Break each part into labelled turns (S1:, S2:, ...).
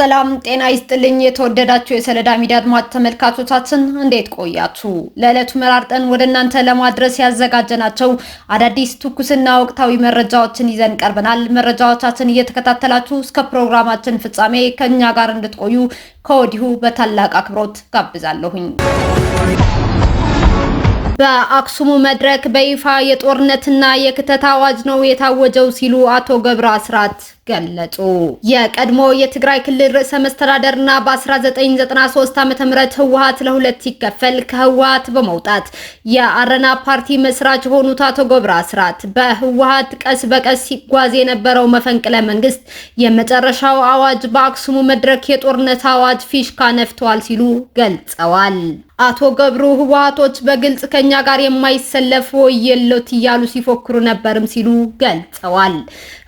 S1: ሰላም ጤና ይስጥልኝ። የተወደዳችሁ የሰለዳ ሚዲያ አድማጭ ተመልካቾቻችን እንዴት ቆያችሁ? ለዕለቱ መራርጠን ወደ እናንተ ለማድረስ ያዘጋጀናቸው አዳዲስ ትኩስና ወቅታዊ መረጃዎችን ይዘን ቀርበናል። መረጃዎቻችን እየተከታተላችሁ እስከ ፕሮግራማችን ፍጻሜ ከእኛ ጋር እንድትቆዩ ከወዲሁ በታላቅ አክብሮት ጋብዛለሁኝ። በአክሱሙ መድረክ በይፋ የጦርነትና የክተት አዋጅ ነው የታወጀው ሲሉ አቶ ገብረ አስራት ገለጹ። የቀድሞ የትግራይ ክልል ርዕሰ መስተዳደርና በ1993 ዓ.ም ህወሓት ለሁለት ሲከፈል ከህወሓት በመውጣት የአረና ፓርቲ መስራች የሆኑት አቶ ጎብራ አስራት በህወሓት ቀስ በቀስ ሲጓዝ የነበረው መፈንቅለ መንግስት የመጨረሻው አዋጅ በአክሱሙ መድረክ የጦርነት አዋጅ ፊሽካ ነፍተዋል ሲሉ ገልጸዋል። አቶ ገብሩ ህወሓቶች በግልጽ ከኛ ጋር የማይሰለፍ ወየሎት እያሉ ሲፎክሩ ነበርም ሲሉ ገልጸዋል።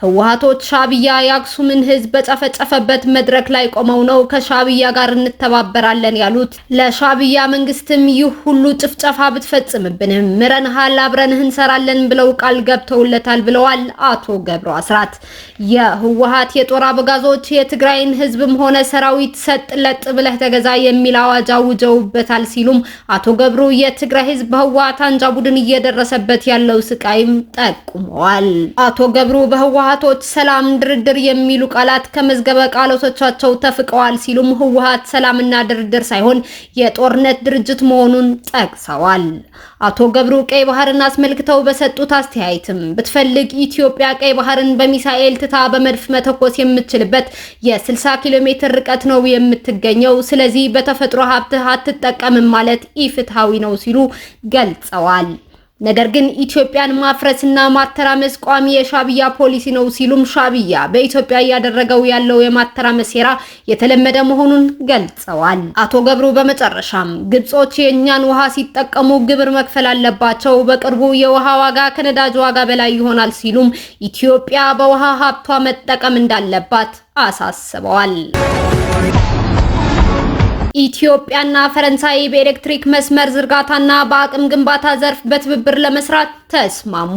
S1: ህወሓቶች ሻዕብያ ሻዕቢያ የአክሱምን ህዝብ በጨፈጨፈበት መድረክ ላይ ቆመው ነው ከሻብያ ጋር እንተባበራለን ያሉት። ለሻብያ መንግስትም ይህ ሁሉ ጭፍጨፋ ብትፈጽምብንም ምረንሃል፣ አብረንህ እንሰራለን ብለው ቃል ገብተውለታል ብለዋል አቶ ገብሩ አስራት። የህወሀት የጦር አበጋዞች የትግራይን ህዝብም ሆነ ሰራዊት ሰጥ ለጥ ብለህ ተገዛ የሚል አዋጅ አውጀውበታል ሲሉም አቶ ገብሩ የትግራይ ህዝብ በህወሀት አንጃ ቡድን እየደረሰበት ያለው ስቃይም ጠቁመዋል። አቶ ገብሩ በህወሀቶች ሰላም ድር ድርድር የሚሉ ቃላት ከመዝገበ ቃላቶቻቸው ተፍቀዋል ሲሉም ህወሓት ሰላምና ድርድር ሳይሆን የጦርነት ድርጅት መሆኑን ጠቅሰዋል። አቶ ገብሩ ቀይ ባህርን አስመልክተው በሰጡት አስተያየትም ብትፈልግ ኢትዮጵያ ቀይ ባህርን በሚሳኤል ትታ በመድፍ መተኮስ የምትችልበት የ60 ኪሎ ሜትር ርቀት ነው የምትገኘው። ስለዚህ በተፈጥሮ ሀብትህ አትጠቀምም ማለት ኢፍትሐዊ ነው ሲሉ ገልጸዋል። ነገር ግን ኢትዮጵያን ማፍረስና ማተራመስ ቋሚ የሻብያ ፖሊሲ ነው ሲሉም ሻብያ በኢትዮጵያ እያደረገው ያለው የማተራመስ ሴራ የተለመደ መሆኑን ገልጸዋል። አቶ ገብሩ በመጨረሻም ግብጾች የእኛን ውሃ ሲጠቀሙ ግብር መክፈል አለባቸው፣ በቅርቡ የውሃ ዋጋ ከነዳጅ ዋጋ በላይ ይሆናል ሲሉም ኢትዮጵያ በውሃ ሀብቷ መጠቀም እንዳለባት አሳስበዋል። ኢትዮጵያና ፈረንሳይ በኤሌክትሪክ መስመር ዝርጋታና በአቅም ግንባታ ዘርፍ በትብብር ለመስራት ተስማሙ።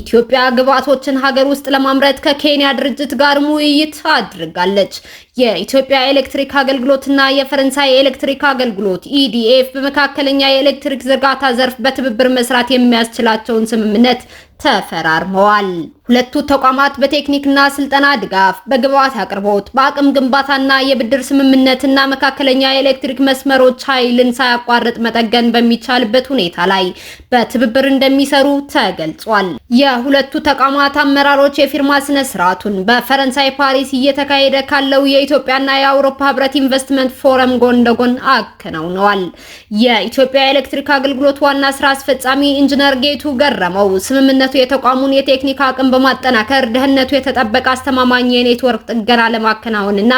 S1: ኢትዮጵያ ግብዓቶችን ሀገር ውስጥ ለማምረት ከኬንያ ድርጅት ጋርም ውይይት አድርጋለች። የኢትዮጵያ ኤሌክትሪክ አገልግሎትና የፈረንሳይ ኤሌክትሪክ አገልግሎት ኢዲኤፍ e በመካከለኛ የኤሌክትሪክ ዝርጋታ ዘርፍ በትብብር መስራት የሚያስችላቸውን ስምምነት ተፈራርመዋል። ሁለቱ ተቋማት በቴክኒክና ስልጠና ድጋፍ፣ በግብአት አቅርቦት፣ በአቅም ግንባታና የብድር ስምምነትና መካከለኛ የኤሌክትሪክ መስመሮች ኃይልን ሳያቋርጥ መጠገን በሚቻልበት ሁኔታ ላይ በትብብር እንደሚሰሩ ተገልጿል። የሁለቱ ተቋማት አመራሮች የፊርማ ስነ ስርዓቱን በፈረንሳይ ፓሪስ እየተካሄደ ካለው የኢትዮጵያና የአውሮፓ ህብረት ኢንቨስትመንት ፎረም ጎን ለጎን አከናውነዋል። የኢትዮጵያ ኤሌክትሪክ አገልግሎት ዋና ስራ አስፈጻሚ ኢንጂነር ጌቱ ገረመው ስምምነቱ የተቋሙን የቴክኒክ አቅም በማጠናከር ደህንነቱ የተጠበቀ አስተማማኝ የኔትወርክ ጥገና ለማከናወንና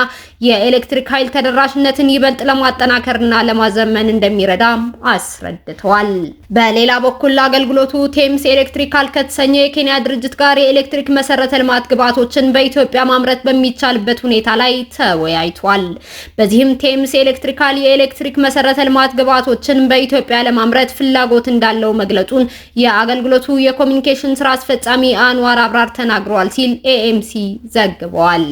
S1: የኤሌክትሪክ ኃይል ተደራሽነትን ይበልጥ ለማጠናከርና ለማዘመን እንደሚረዳ አስረድተዋል። በሌላ በኩል አገልግሎቱ ቴምስ ኤሌክትሪካል ከተሰኘ የኬንያ ድርጅት ጋር የኤሌክትሪክ መሰረተ ልማት ግብዓቶችን በኢትዮጵያ ማምረት በሚቻልበት ሁኔታ ላይ ተወያይቷል። በዚህም ቴምስ ኤሌክትሪካል የኤሌክትሪክ መሰረተ ልማት ግብዓቶችን በኢትዮጵያ ለማምረት ፍላጎት እንዳለው መግለጹን የአገልግሎቱ የኮሚኒኬሽን ስራ አስፈጻሚ አንዋር አብራር ተናግሯል ሲል ኤኤምሲ ዘግበዋል።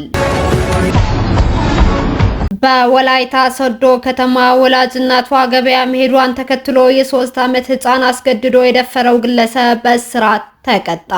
S1: በወላይታ ሶዶ ከተማ ወላጅ እናቷ ገበያ መሄዷን ተከትሎ የሶስት ዓመት ህፃን አስገድዶ የደፈረው ግለሰብ በእስራት ተቀጣ።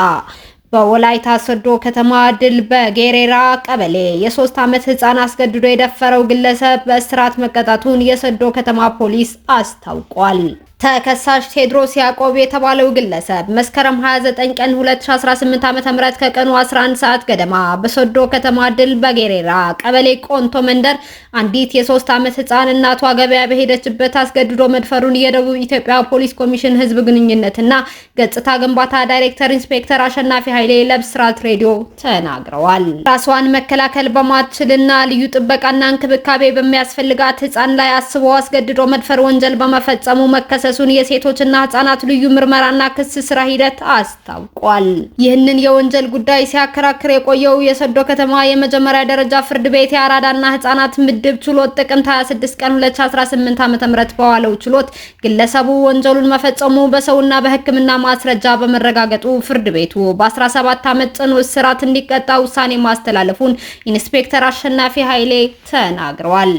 S1: በወላይታ ሶዶ ከተማ ድል በጌሬራ ቀበሌ የሶስት ዓመት ህፃን አስገድዶ የደፈረው ግለሰብ በእስራት መቀጣቱን የሶዶ ከተማ ፖሊስ አስታውቋል። ተከሳሽ ቴድሮስ ያዕቆብ የተባለው ግለሰብ መስከረም 29 ቀን 2018 ዓ.ም ከቀኑ 11 ሰዓት ገደማ በሶዶ ከተማ ድል በጌሬራ ቀበሌ ቆንቶ መንደር አንዲት የሶስት ዓመት ህፃን እናቷ ገበያ በሄደችበት አስገድዶ መድፈሩን የደቡብ ኢትዮጵያ ፖሊስ ኮሚሽን ህዝብ ግንኙነትና ገጽታ ግንባታ ዳይሬክተር ኢንስፔክተር አሸናፊ ኃይሌ ለብስራት ሬዲዮ ተናግረዋል። ራሷን መከላከል በማትችልና ልዩ ጥበቃና እንክብካቤ በሚያስፈልጋት ህፃን ላይ አስቦ አስገድዶ መድፈር ወንጀል በመፈጸሙ መከሰ መከሰሱን የሴቶችና ህጻናት ልዩ ምርመራና ክስ ስራ ሂደት አስታውቋል። ይህንን የወንጀል ጉዳይ ሲያከራክር የቆየው የሰዶ ከተማ የመጀመሪያ ደረጃ ፍርድ ቤት የአራዳና ህጻናት ምድብ ችሎት ጥቅምት 26 ቀን 2018 ዓ.ም በዋለው ችሎት ግለሰቡ ወንጀሉን መፈጸሙ በሰውና በሕክምና ማስረጃ በመረጋገጡ ፍርድ ቤቱ በ17 ዓመት ጽኑ እስራት እንዲቀጣ ውሳኔ ማስተላለፉን ኢንስፔክተር አሸናፊ ኃይሌ ተናግረዋል።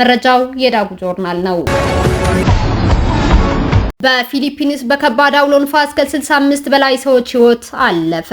S1: መረጃው የዳጉ ጆርናል ነው። በፊሊፒንስ በከባድ አውሎ ንፋስ ከ65 በላይ ሰዎች ህይወት አለፈ።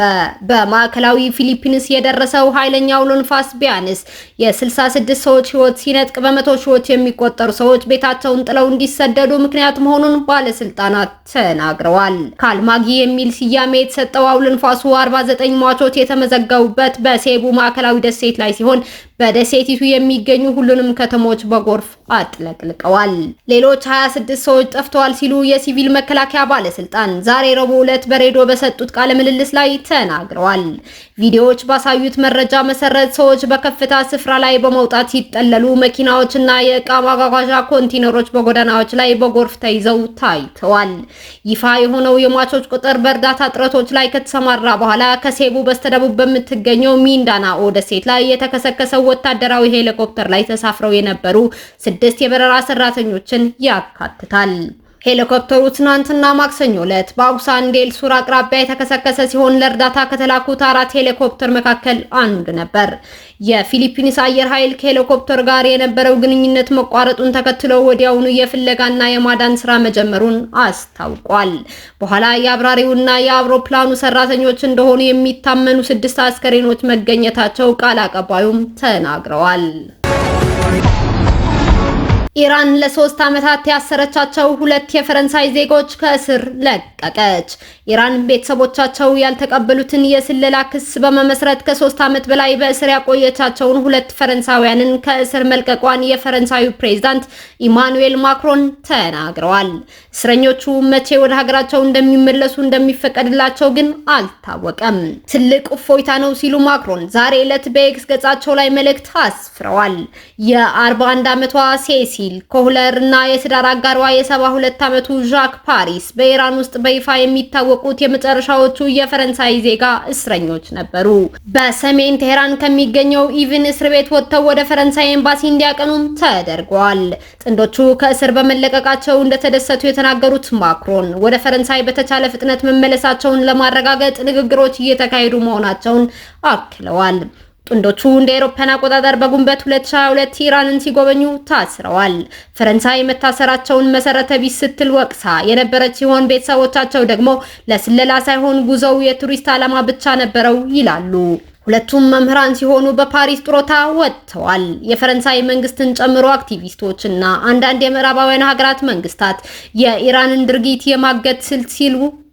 S1: በማዕከላዊ ፊሊፒንስ የደረሰው ኃይለኛ አውሎ ንፋስ ቢያንስ የ66 ሰዎች ህይወት ሲነጥቅ በመቶ ሺዎች የሚቆጠሩ ሰዎች ቤታቸውን ጥለው እንዲሰደዱ ምክንያት መሆኑን ባለስልጣናት ተናግረዋል። ካልማጊ የሚል ስያሜ የተሰጠው አውሎ ንፋሱ 49 ሟቾች የተመዘገቡበት በሴቡ ማዕከላዊ ደሴት ላይ ሲሆን በደሴቲቱ የሚገኙ ሁሉንም ከተሞች በጎርፍ አጥለቅልቀዋል። ሌሎች 26 ሰዎች ጠፍተዋል ሲሉ የሲቪል መከላከያ ባለስልጣን ዛሬ ረቡዕ ዕለት በሬዲዮ በሰጡት ቃለ ምልልስ ላይ ተናግረዋል። ቪዲዮዎች ባሳዩት መረጃ መሰረት ሰዎች በከፍታ ስፍራ ላይ በመውጣት ሲጠለሉ፣ መኪናዎችና የእቃ ማጓጓዣ ኮንቲነሮች በጎዳናዎች ላይ በጎርፍ ተይዘው ታይተዋል። ይፋ የሆነው የሟቾች ቁጥር በእርዳታ ጥረቶች ላይ ከተሰማራ በኋላ ከሴቡ በስተደቡብ በምትገኘው ሚንዳናኦ ደሴት ላይ የተከሰከሰው ወታደራዊ ሄሊኮፕተር ላይ ተሳፍረው የነበሩ ስድስት የበረራ ሰራተኞችን ያካትታል። ሄሊኮፕተሩ ትናንትና ማክሰኞ ዕለት በአጉሳንዴል ሱር አቅራቢያ የተከሰከሰ ሲሆን ለእርዳታ ከተላኩት አራት ሄሊኮፕተር መካከል አንዱ ነበር። የፊሊፒንስ አየር ኃይል ከሄሊኮፕተር ጋር የነበረው ግንኙነት መቋረጡን ተከትሎ ወዲያውኑ የፍለጋና የማዳን ስራ መጀመሩን አስታውቋል። በኋላ የአብራሪውና የአውሮፕላኑ ሰራተኞች እንደሆኑ የሚታመኑ ስድስት አስከሬኖች መገኘታቸው ቃል አቀባዩም ተናግረዋል። ኢራን ለሶስት ዓመታት ያሰረቻቸው ሁለት የፈረንሳይ ዜጎች ከእስር ለቀቀች። ኢራን ቤተሰቦቻቸው ያልተቀበሉትን የስለላ ክስ በመመስረት ከሶስት ዓመት በላይ በእስር ያቆየቻቸውን ሁለት ፈረንሳውያንን ከእስር መልቀቋን የፈረንሳዩ ፕሬዝዳንት ኢማኑኤል ማክሮን ተናግረዋል። እስረኞቹ መቼ ወደ ሀገራቸው እንደሚመለሱ እንደሚፈቀድላቸው ግን አልታወቀም። ትልቅ እፎይታ ነው ሲሉ ማክሮን ዛሬ ዕለት በኤክስ ገጻቸው ላይ መልእክት አስፍረዋል። የ41 ዓመቷ ሴሲ ሲል እና የትዳር አጋሯ የሰባ ሁለት ዓመቱ ዣክ ፓሪስ በኢራን ውስጥ በይፋ የሚታወቁት የመጨረሻዎቹ የፈረንሳይ ዜጋ እስረኞች ነበሩ። በሰሜን ቴህራን ከሚገኘው ኢቭን እስር ቤት ወጥተው ወደ ፈረንሳይ ኤምባሲ እንዲያቀኑም ተደርጓል። ጥንዶቹ ከእስር በመለቀቃቸው እንደተደሰቱ የተናገሩት ማክሮን ወደ ፈረንሳይ በተቻለ ፍጥነት መመለሳቸውን ለማረጋገጥ ንግግሮች እየተካሄዱ መሆናቸውን አክለዋል። ጥንዶቹ እንደ አውሮፓን አቆጣጠር በጉንበት 2022 ኢራንን ሲጎበኙ ታስረዋል። ፈረንሳይ መታሰራቸውን መሰረተ ቢስ ስትል ወቅሳ የነበረች ሲሆን ቤተሰቦቻቸው ደግሞ ለስለላ ሳይሆን ጉዞው የቱሪስት ዓላማ ብቻ ነበረው ይላሉ። ሁለቱም መምህራን ሲሆኑ በፓሪስ ጥሮታ ወጥተዋል። የፈረንሳይ መንግስትን ጨምሮ አክቲቪስቶች እና አንዳንድ የምዕራባውያን ሀገራት መንግስታት የኢራንን ድርጊት የማገት ስልት ሲሉ